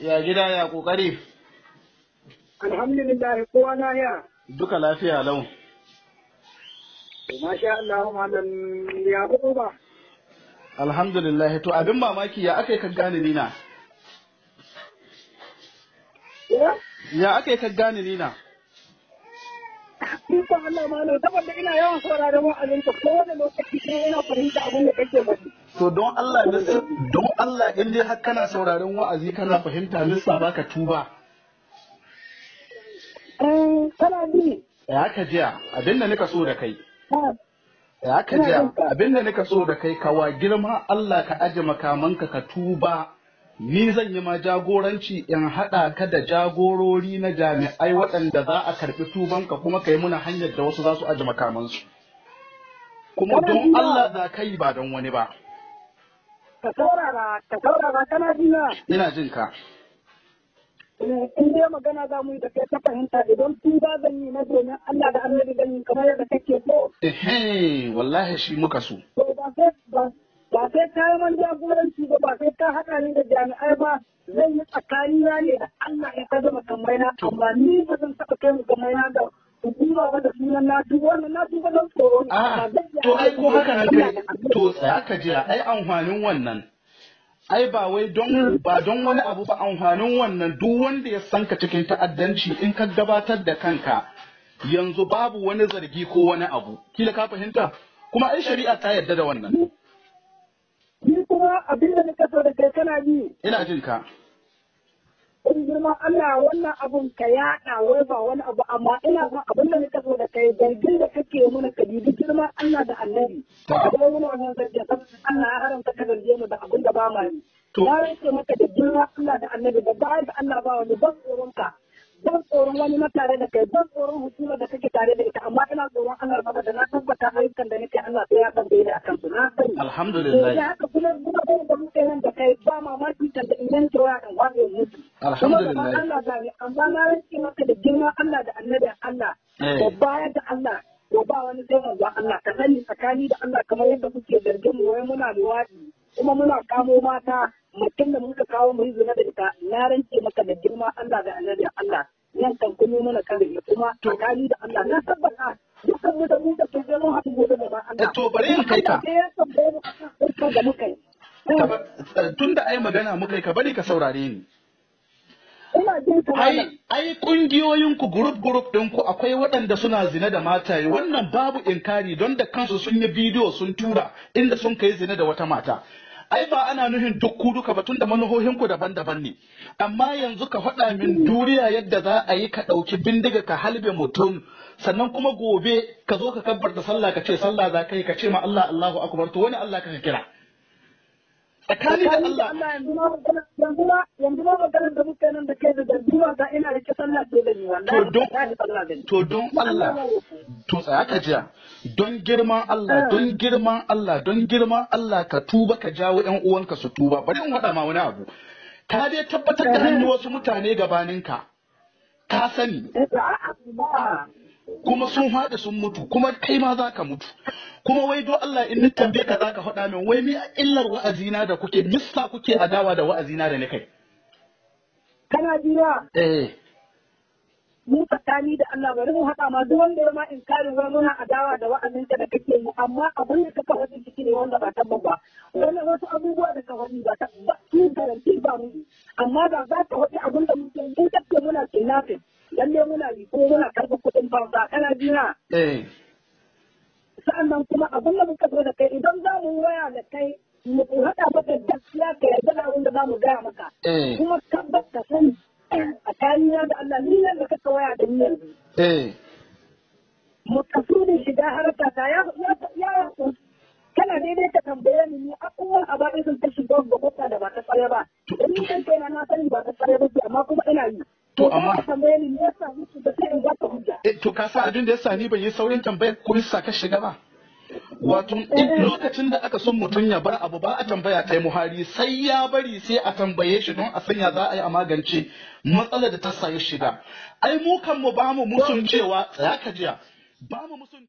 Ya gida ya kokari. Alhamdulillah kowa na ya. Duka lafiya lau. Masha Allah malam ya ba. Alhamdulillah to abin mamaki ya aka yi ka gane nina. Ya aka yi ka gane nina. Iko Allah malam saboda ina yawan sauraron wa'azinka kowane lokaci sai ina fahimta abin da kake faɗi. To don Allah don Allah in dai har kana sauraron wa'azi kana fahimta lissa baka tuba. Eh kana ji. Ya ka jiya abin da nika so da kai. Ya ka jiya abin da nika so da kai kawa girma Allah ka aje makamanka ka tuba. ni zan yi ma jagoranci in haɗa ka da jagorori na jami'ai waɗanda za a karɓi tubanka kuma ka yi muna hanyar da wasu za su aji makamansu kuma don Allah za ka yi ba don wani ba ka saurara ka saurara kana jina ina jin ka eh, in dai magana za mu yi da kai ta fahimta idan tun ba zan yi na domin Allah da annabi zan yi kamar yadda kake so. Ehe, wallahi shi muka so. Ba sai ba sai ka yi man jagoranci ba ba sai ka haɗa ni da jami'ai ba zai yi na ne da Allah ya ka zama na amma ni ba zan taɓa kai mu na da hukuma ba da sunan na duba wannan na duba don tsoro. to ai ko haka na kai to tsaya ka jira ai amfanin wannan ai ba wai don ba don wani abu ba amfanin wannan duk wanda ya sanka cikin ta'addanci in ka gabatar da kanka yanzu babu wani zargi ko wani abu kila ka fahimta kuma ai shari'a ta yarda da wannan kuma abin da nika so da kai kana ji. Ina jin ka. In girma Allah wannan abun ka yaɗa wai ba wani abu amma ina son abin da nika so da kai zargin da kake mana ka duk girma Allah da annabi. Ta kuma wani wannan zargin Allah ya haramta ka zarge mu da abin da ba ma ni. Na rage maka da girma Allah da annabi da ba da Allah ba wani ban tsoron ka. don tsoron wani na tare da kai don tsoron hukumar da kake tare da ita amma ina tsoron Allah ba da na tabbata ayyukan da nake Allah sai ya tambaye da kan su na sani alhamdulillah ya haka kuma kuma kai da muke nan da kai ba mamaki kan da idan ke waya kan wani mutu alhamdulillah Allah da amma na rike maka da girma Allah da annabi Allah eh. da baya da Allah ko ba wani sai manzo Allah ka sani tsakani da Allah kamar yadda kuke zargin mu wai muna luwadi kuma muna kamo mata mutum da muka kawo mu yi zina da ita na rance maka da girma Allah da annabi Allah nan kan kun mana kare kuma tsakani da Allah na tabbata dukkan mu da mu da kun gano haɗu gobe da Allah eh, to bari in kai ka da muka yi eh, tunda ai magana muka yi ka bari ka saurare ni Ai, ai kungiyoyinku gurup gurup ɗinku akwai waɗanda suna zina da mataye wannan babu inkari don da kansu sun yi bidiyo sun tura inda sun kai zina da wata mata. ai ba ana nufin duk ku duka ba tunda manuhohin ku daban-daban ne amma yanzu ka faɗa min duniya yadda za a yi ka ɗauki bindiga ka halbe mutum sannan kuma gobe ka zo ka kabbar da sallah ka ce sallah za ka yi ka ce ma Allah Allahu akbar to wani Allah ka kira tsakani da Allah yanzu ma yanzu ma magana da muke nan da kai da dabbuwa ga ina rike sallah dole ne wannan to don Allah to tsaya ka jiya don girman Allah ah. don girman Allah don girman Allah ka tuba ka jawo 'yan uwanka su tuba bari in waɗa ma wani abu ka dai tabbatar da hannu wasu mutane gabaninka ka sani kuma sun haɗa sun mutu kuma kai ma za ka mutu kuma wai do Allah in tambaye ka za ka min wai mi illar wa'azina da kuke missa kuke adawa da wa'azi na da ni kai kana jira eh mu tsakani da Allah bari mu haɗa ma duk wanda ya ma kare ruwa muna adawa da wa'azin da kake yi amma abin da kaka faɗi ciki ne wanda ba tabbas ba wannan wasu abubuwa da ka faɗi ba tabbas su garanti ba mu amma ba za ka faɗi abin da muke yi kake muna kidnapping lalle muna yi ko muna karɓar kuɗin fansa kana jina eh. sa'an nan kuma abin da muka so da kai idan za mu waya da kai mu haɗa maka gaskiya ka yarda da abin da za mu gaya maka eh. kuma nan eh. mutasurin shiga harka ta ya ya kana daidai ka tambaye ni a bayan sun ta shiga gwagwata da ba ta tsare ba idan ni kan kaina na sani ba ta tsare ba amma kuma ina yi to amma ka tambaye ni me yasa ni da ta yi ba ta hujja eh, to ka sa abin da yasa ni ban yi saurin tambayar ko yasa ka shiga ba wato eh. duk lokacin da aka son mutum ya bar abu ba a tambaya kai muhari sai ya bari sai a tambaye shi don a sanya za a yi a magance matsalar da ta sayi shiga ai mu kan mu ba mu musun cewa tsaya ka jiya ba mu